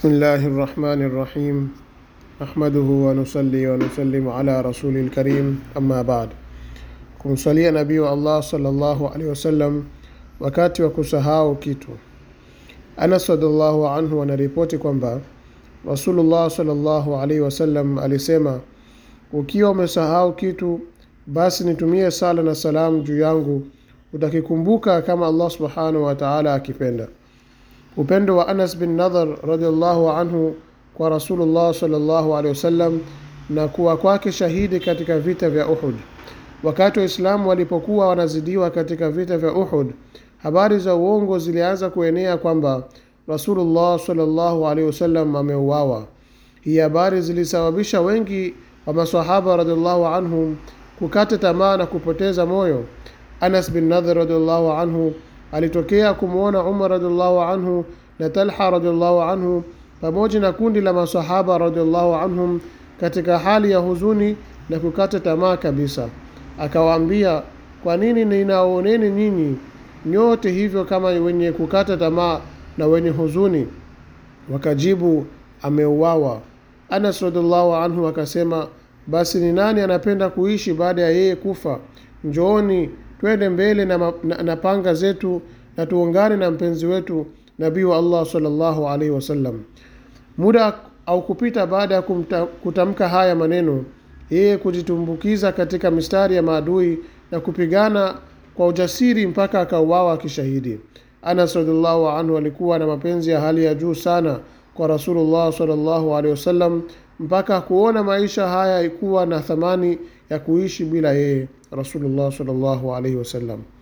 Bismillahi rahmani rahim nahmaduhu wanusalli wanusallimu ala rasuli lkarim amma baad. Kumswalia Nabii wa Allah sallallahu alaihi wasallam wakati wa kusahau kitu. Anas radhiallahu anhu anaripoti kwamba Rasulullah sallallahu alaihi wasallam alisema, ukiwa umesahau kitu, basi nitumie sala na salamu juu yangu, utakikumbuka kama Allah subhanahu wa taala akipenda. Upendo wa Anas bin Nadhar radhiallahu anhu kwa Rasulullah sallallahu alaihi wasallam na kuwa kwake shahidi katika vita vya Uhud. Wakati Waislamu walipokuwa wanazidiwa katika vita vya Uhud, habari za uongo zilianza kuenea kwamba Rasulullah sallallahu alaihi wasallam ameuawa. Hii habari zilisababisha wengi wa masahaba radhiallahu anhum kukata tamaa na kupoteza moyo. Anas bin Nadhar radhiallahu anhu alitokea kumwona Umar radhiallahu anhu na Talha radhiallahu anhu pamoja na kundi la masahaba radhiallahu anhum katika hali ya huzuni na kukata tamaa kabisa. Akawaambia, kwa nini ninaoneni nyinyi nyote hivyo kama wenye kukata tamaa na wenye huzuni? Wakajibu, ameuawa. Anas radhiallahu anhu akasema, basi ni nani anapenda kuishi baada ya yeye kufa? Njooni twende mbele na, na, na panga zetu na tuungane na mpenzi wetu nabii wa Allah sallallahu alaihi wasallam. Muda au kupita baada ya kutamka haya maneno, yeye kujitumbukiza katika mistari ya maadui na kupigana kwa ujasiri mpaka akauawa kishahidi. Anas radhiallahu anhu alikuwa na mapenzi ya hali ya juu sana kwa Rasulullah sallallahu alaihi wasallam mpaka kuona maisha haya ikuwa na thamani ya kuishi bila yeye. رسول الله صلى الله عليه وسلم